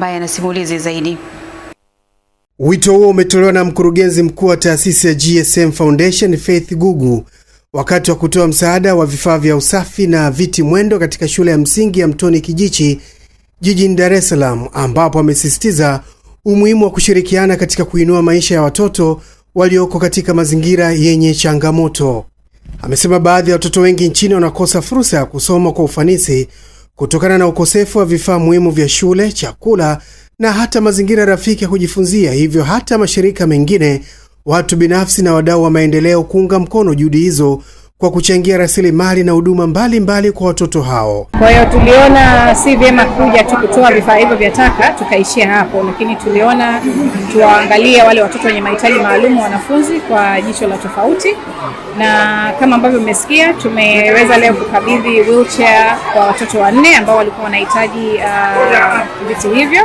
ambaye anasimulizi zaidi. Wito huo umetolewa na mkurugenzi mkuu wa taasisi ya GSM Foundation Faith Gugu wakati wa kutoa msaada wa vifaa vya usafi na viti mwendo katika shule ya msingi ya Mtoni Kijichi jijini Dar es Salaam, ambapo amesisitiza umuhimu wa kushirikiana katika kuinua maisha ya watoto walioko katika mazingira yenye changamoto. Amesema baadhi ya watoto wengi nchini wanakosa fursa ya kusoma kwa ufanisi kutokana na ukosefu wa vifaa muhimu vya shule, chakula na hata mazingira rafiki ya kujifunzia, hivyo hata mashirika mengine, watu binafsi na wadau wa maendeleo kuunga mkono juhudi hizo kwa kuchangia rasilimali na huduma mbalimbali kwa watoto hao. Kwa hiyo tuliona si vyema kuja tu kutoa vifaa hivyo vya taka tukaishia hapo, lakini tuliona tuwaangalie wale watoto wenye mahitaji maalum, wanafunzi kwa jicho la tofauti, na kama ambavyo umesikia tumeweza leo kukabidhi wheelchair kwa watoto wanne ambao walikuwa wanahitaji uh, viti hivyo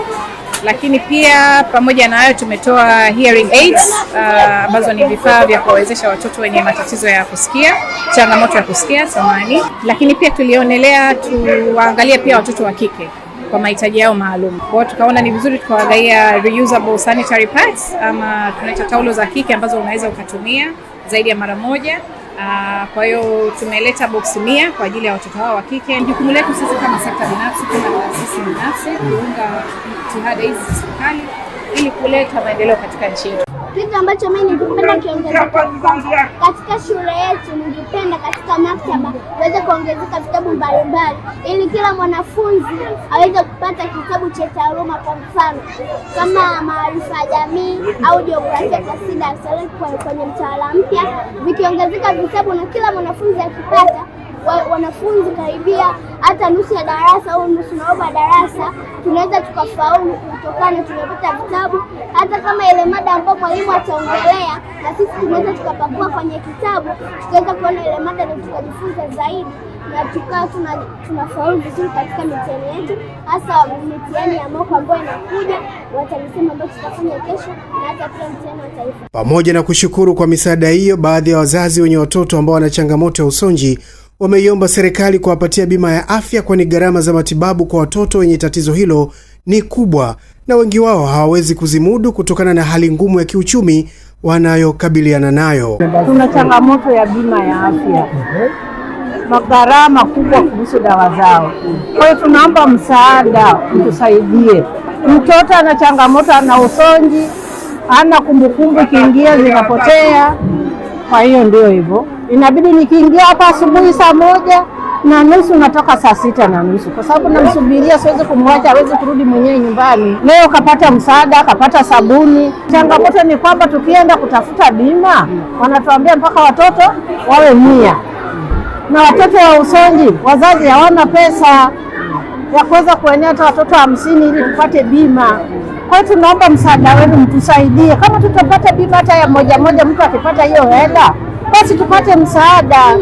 lakini pia pamoja na hayo tumetoa hearing aids uh, ambazo uh, ni vifaa vya kuwawezesha watoto wenye matatizo ya kusikia, changamoto ya kusikia samani, lakini pia tulionelea tuwaangalie pia watoto wa kike kwa mahitaji yao maalum. Kwa hiyo tukaona ni vizuri tukawagaia reusable sanitary pads ama tunaita taulo za kike ambazo unaweza ukatumia zaidi ya mara moja. Uh, kwa hiyo tumeleta box mia kwa ajili ya watoto hao wa kike. Jukumu letu sisi kama sekta binafsi, kama taasisi binafsi, kuunga jitihada hizi za serikali ili kuleta maendeleo katika nchi yetu. Kitu ambacho mimi ningependa kiongezeka katika shule yetu, ningependa katika maktaba uweze kuongezeka vitabu mbalimbali, ili kila mwanafunzi aweze kupata kitabu cha taaluma, kwa mfano kama maarifa ya jamii au jiografia kasida Dar kwenye mtaala mpya, vikiongezeka vitabu na kila mwanafunzi akipata wa, wanafunzi karibia hata nusu ya darasa au nusu naoba darasa, tunaweza tukafaulu kutokana tumepata vitabu. Hata kama ile mada ambayo mwalimu ataongelea na sisi tunaweza tukapakua kwenye kitabu tukaweza kuona ile mada na tukajifunza zaidi na tukawa tuna, tunafaulu vizuri katika mitihani yetu, hasa mitihani ya mwaka ambayo inakuja, watalisema ambayo tutafanya kesho na hata pia mtihani wa taifa. Pamoja na kushukuru kwa misaada hiyo, baadhi ya wazazi wenye watoto ambao wana changamoto ya usonji wameiomba serikali kuwapatia bima ya afya, kwani gharama za matibabu kwa watoto wenye tatizo hilo ni kubwa na wengi wao hawawezi kuzimudu kutokana na hali ngumu ya kiuchumi wanayokabiliana nayo. Tuna changamoto ya bima ya afya, magharama kubwa kuhusu dawa zao. Kwa hiyo tunaomba msaada, mtusaidie. Mtoto ana changamoto, ana usonji, ana kumbukumbu, kiingia zinapotea. Kwa hiyo ndio hivyo, inabidi nikiingia hapa asubuhi saa moja na nusu natoka saa sita na nusu kwa sababu namsubiria, siwezi kumwacha, aweze kurudi mwenyewe nyumbani. Leo kapata msaada, kapata sabuni. Changamoto ni kwamba tukienda kutafuta bima wanatuambia mpaka watoto wawe mia na watoto wa usonji, wazazi hawana pesa ya kuweza kuenea hata watoto hamsini ili tupate bima. Kwa hiyo tunaomba msaada wenu, mtusaidie. Kama tutapata bima hata ya moja moja, mtu akipata hiyo hela, basi tupate msaada.